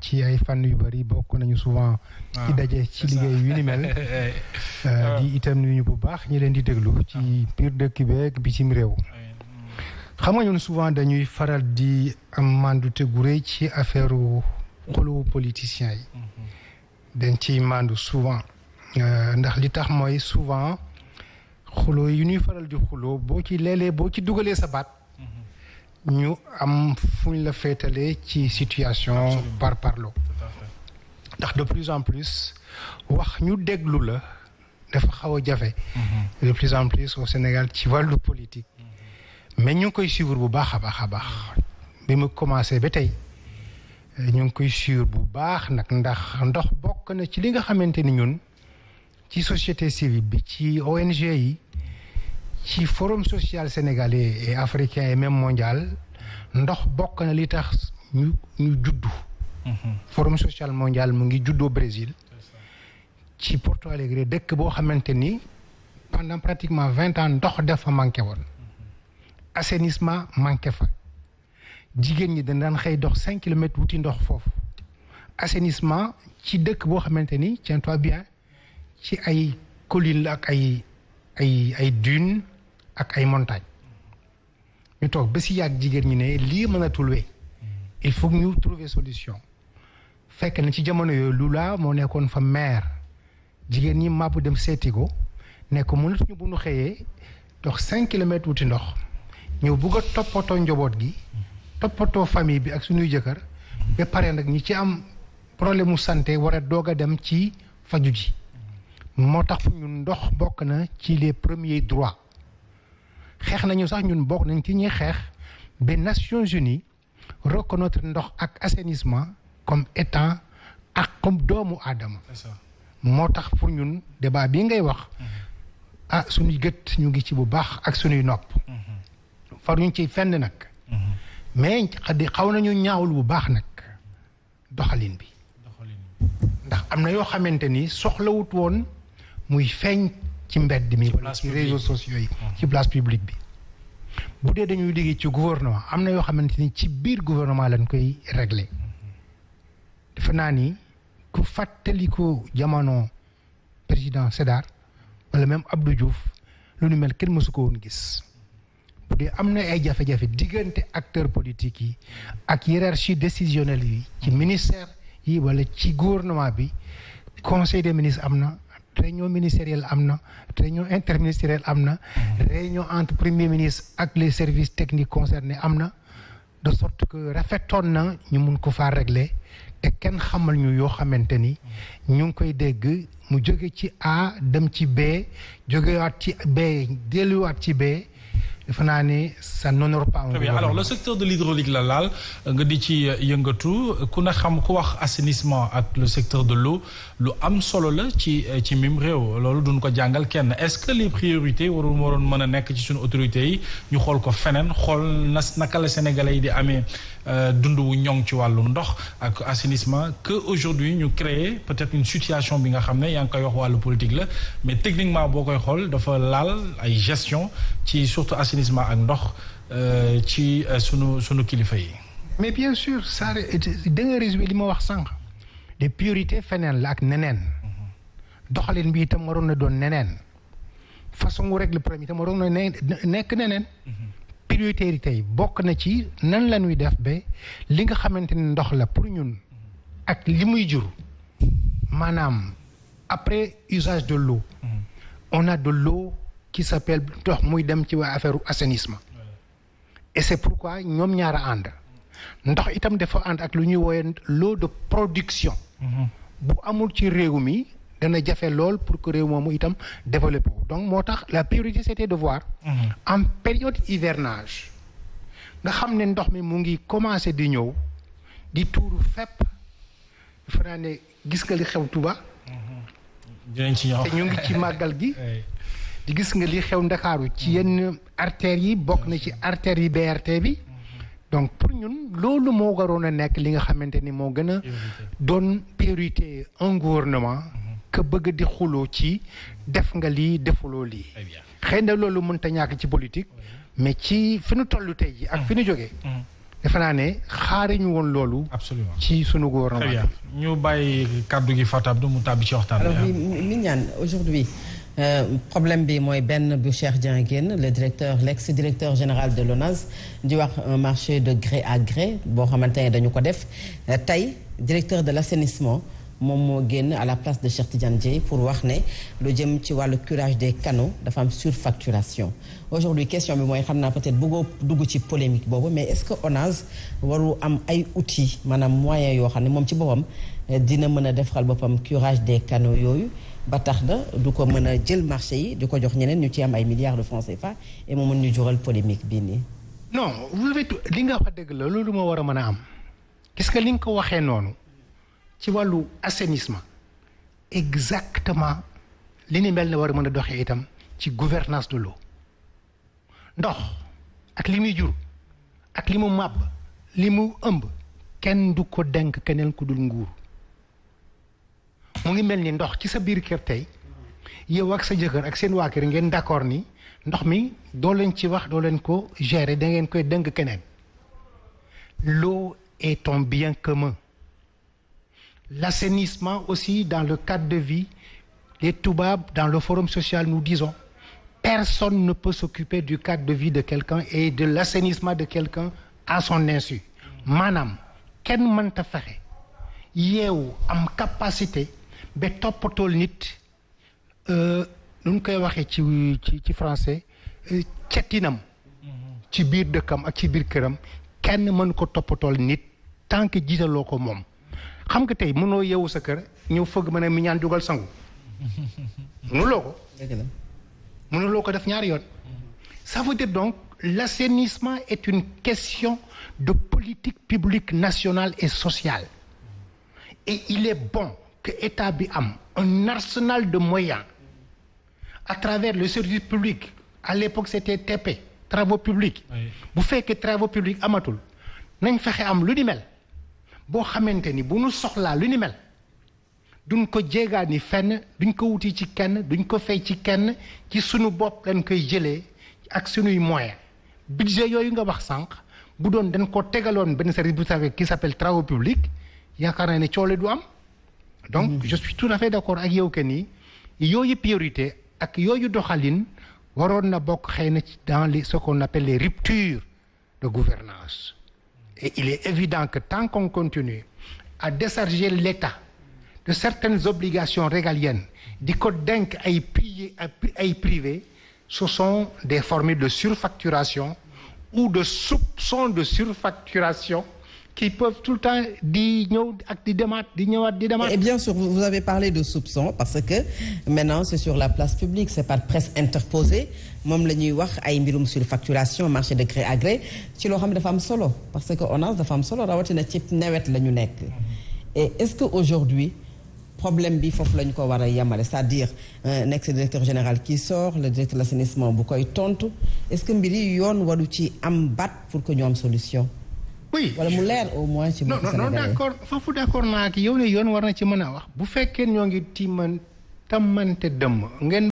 ci ay fànn yu bëri bokk nañu souvent ci ah, daje ci liggéey yu ni mel euh, ah. di itam nuyu ñu bu baax ñi leen di déglu ci ah. biir dëkk beeg bitim réew xam nga ñun souvent dañuy faral di am mandute gu rëy ci affaire xolu politiciens yi mm-hmm. dañ ciy mandu souvent euh, ndax li tax mooy souvent xuloo yi nuy faral di xuloo boo ci léeg boo ci dugalee sa baat ñu am fuñ la féetalee ci situation par parlo ndax de plus en plus wax ñu déglu la dafa xaw a jafe mhm. de plus en plus au Sénégal ci wàllu politique mhm. mais ñu koy suivre bu baax a baax a baax bi mu commencé ba tey ñu ngi koy suivre bu baax nag ndax ndox bokk na ci li nga xamante ni ñun ci société civile bi ci ONG yi ci forum social sénégalais et africain et même mondiale ndox bokk na li tax ñu juddu. Mhm. forum social mondiale mu ngi juddoo Brésil. ci Porto Alegre dëkk boo xamante ni pendant pratiquement vingt ans ndox dafa manqué woon. Mhm. assainissement manqué fa. jigéen ñi dañ daan xëy dox cinq kilomètres wuti ndox foofu. assainissement ci dëkk boo xamante ni tiens-toi bien ci ay collines la ak ay. ay ay dune ak ay montagne ñu toog ba si yàgg jigéen ñi ne lii mënatul wéy il faut ñu trouver solution fekk na ci jamono yooyu lu laa moo nekkoon fa maire jigéen ñi màbb dem seeti ko ne ko mënatuñu bu ñu xëyee dox cinq kilomètres wuti ndox ñëw bugg a toppatoo njaboot gi toppatoo famille bi ak suñuy jëkkër ba pare nag ñi ci am problème mu santé war a doog a dem ci faju ji moo tax fu ñun ndox bokk na ci les premiers droits xeex nañu sax ñun bokk nañ ci ñuy xeex ba Nations Unies reconnaître ndox ak assainissement comme étant ak comme doomu aadama moo tax pour ñun débat bi ngay wax mm-hmm. ah suñuy gët ñu ngi ci bu baax ak suñuy nopp mm-hmm. far ñu ciy fenn nag mm-hmm. mais xaw nañu ñaawlu bu baax nag doxalin bi ndax am na yoo xamante ni soxlawut woon muy feeñ ci mbedd mi wala ci réseaux mm. ci place publique bi bu dee dañuy liggéey ci gouvernement am na yoo xamante ni ci biir gouvernement lañ koy régler mm-hmm. defe naa ni ku fàttaliku jamono président Sédar wala même Abdou Diouf lu nu mel kenn mësu ko gis bu dee am na ay jafe-jafe diggante acteur politique yi ak hiérarchie décisionnelle yi ci mm-hmm. ministère yi wala ci gouvernement bi conseil des ministres am na réunion ministérielle am na réunion interministérielle am na mhm. réunion entre premier ministre ak les services techniques concernés am na de sorte que rafetoon na ñu mun ko faa régler te kenn xamal ñu yoo xamante ni mhm. ñu ngi koy dégg mu jóge ci A dem ci B jógewaat ci B delluwaat ci B defe ni ça n'honore pas. très bien le secteur de l'hydraulique la laal nga di ci yëngatu ku ne xam ku wax assainissement ak le secteur de l'eau lu am solo la ci ci mim réew loolu dun ko jàngal kenn est-ce que les priorités warul moo waroon mën a nekk ci suñu autorités yi ñu xool ko feneen xool na naka la sénégalais yi di amee. Euh, dund wu ñoŋ ci wàllu ndox ak assainissement que aujourd'hui ñu créer peut-être une situation bi nga xam ne yaa ngi koy wax wàllu politique la mais techniquement boo koy xool dafa laal ay gestion ci surtout assainissement ak ndox euh, ci euh, sunu sunu kilifa yi. mais bien sûr ça da nga résumé li ma wax sànq. des priorités feneen la ak neneen. doxalin bi itam waroon na doon neneen. façon wu rek le problème itam waroon na nekk neneen. Mhm. priorité yi bokk na ci nan la ñuy def ba li nga xamante ni ndox la pour ñun ak li muy jur maanaam après usage de l'eau mm-hmm. on a de l'eau qui s'appelle ndox muy dem ci waa affaire assainissement et c'est pourquoi ñoom ñaar ànd ndox itam dafa ànd ak lu ñuy wooye l'eau de production mm-hmm. bu amul ci réew mi dana jafe lool pour que réew moomu itam développé wu donc moo tax la priorité c'était de voir mhm. en période hivernage nga xam ne ndox mi mu ngi commencé di ñëw di tuuru fépp dafa ne gis nga li xew tuba mhm. te ñu ngi ci màggal gi di gis nga li xew Ndakaaru ci yenn artères yi bokk na ci artères yi BRT bi mhm. donc pour ñun loolu moo waroon a nekk li nga xamante ni moo gën a doon priorité un gouvernement que bëgg di xuloo ci def nga lii defuloo lii. xëy na loolu mënta ñàkk ci politique mais ci fi nu toll tey ji ak fi nu mm. jóge mm. defe naa ne xaari ñu woon loolu. absolument ci sunu gouvernement ñu bàyyi kàddu gi Fatou Abdou mu tàbbi ci waxtaan alors mi ñaan aujourd'hui Euh, problème bi mooy benn bu Cheikh Dieng génn le directeur l'ex directeur général de l'ONAS di wax un marché de gré à gré boo xamante ne dañu ko def euh, tey directeur de l'assainissement moom moo génn à la place de Cheikh Tidiane pour wax ne lu jëm ci wàllu curage des canaux dafa am surfacturation aujourd'hui question bi mooy xam naa peut-être bëggoo dugg ci polémique boobu mais est-ce que ONAS waru am ay outils maanaam moyens yoo xam ne moom ci boppam euh, dina mën a defal boppam curage des canaux yooyu ba tax na du ko mën a jël marché yi di ko jox ñeneen ñu ci am ay milliards de francs CFA et mu mën ñu jural polémique bii nii. non li nga wax dëgg la loolu moo war a mën a am. gis nga li nga ko waxee noonu. ci wàllu assainissement exactement li ni mel ne war a mën a doxe itam ci gouvernance de l'eau ndox ak li muy jur ak li mu màbb li mu ëmb kenn du ko dënk keneen ku dul nguur mu ngi mel ni ndox ci sa biir kër tey yow ak sa jëkkër ak seen waa kër ngeen d'accord ni ndox mi doo leen ci wax doo leen ko gérer da ngeen koy dënk keneen l'eau est un bien commun l'assainissement aussi dans le cadre de vie. Les Toubabs, dans le forum social, nous disons, personne ne peut s'occuper du cadre de vie de quelqu'un et de l'assainissement de quelqu'un à son insu. maanaam kenn mënta fexe yeewu am capacité ba toppatool nit euh, nu ñu koy waxee ci ci ci français euh, cetinam ci biir dëkkam ak ci biir këram kenn mën ko toppatool nit tant que jiitaloo ko moom xam nga tey mënoo yeewu sa kër ñëw fëgg ma ne mi ñaan dugal sangu mënuloo ko mënuloo ko def ñaari yoon ça veut dire donc l'assainissement est une question de politique publique nationale et sociale et il est bon que état bi am un arsenal de moyens à travers le service publique à l'époque c'était TP travaux publics bu fekkee travaux publics amatul nañ fexe am lu di mel boo xamante ni bu nu soxlaa lu ni mel duñ ko jéegaani fenn duñ ko wuti ci kenn duñ ko fay ci kenn ci sunu bopp lañ koy jëlee ak suñuy moyen budget yooyu nga wax sànq bu doon dan ko tegaloon benn service bu safe qui s'appelle travaux publics yaakaar naa ne coole du am donc mm-hmm. je suis tout à fait d'accord ak yow que ni yooyu priorité ak yooyu doxalin waroon na bokk xëy na ci les ce qu'on appelle les ruptures de gouvernance Et il est évident que tant qu'on continue à décharger l'État de certaines obligations régaliennes di ko denk ay piliers ay privés ce sont des formules de surfacturation ou de soupçons de surfacturation qui peuvent tout le temps di ñëw ak di demaat di ñëwaat di demaat. et bien sûr vous avez parlé de soupçon parce que maintenant c'est sur la place publique c'est par presse interposé moom la ñuy wax ay mbirum surfacturation marché de gré à gré ci loo xam ne dafa am solo parce que ONAS dafa am solo rawatina ci nawet la ñu nekk et est-ce que aujourd'hui problème bi foofu la ñu ko war a yemale c'est-à-dire un ex-directeur général qui sort le directeur de l'assainissement bu koy tontu est-ce que mbiri yoon waru ci am baat pour que ñu solution. oui wala mu leer au moins. ci non non d' foofu d' accord naa ak yow ne yoon war na ci mën a wax bu fekkee ñoo ngi timan tamante dëmm ngeen.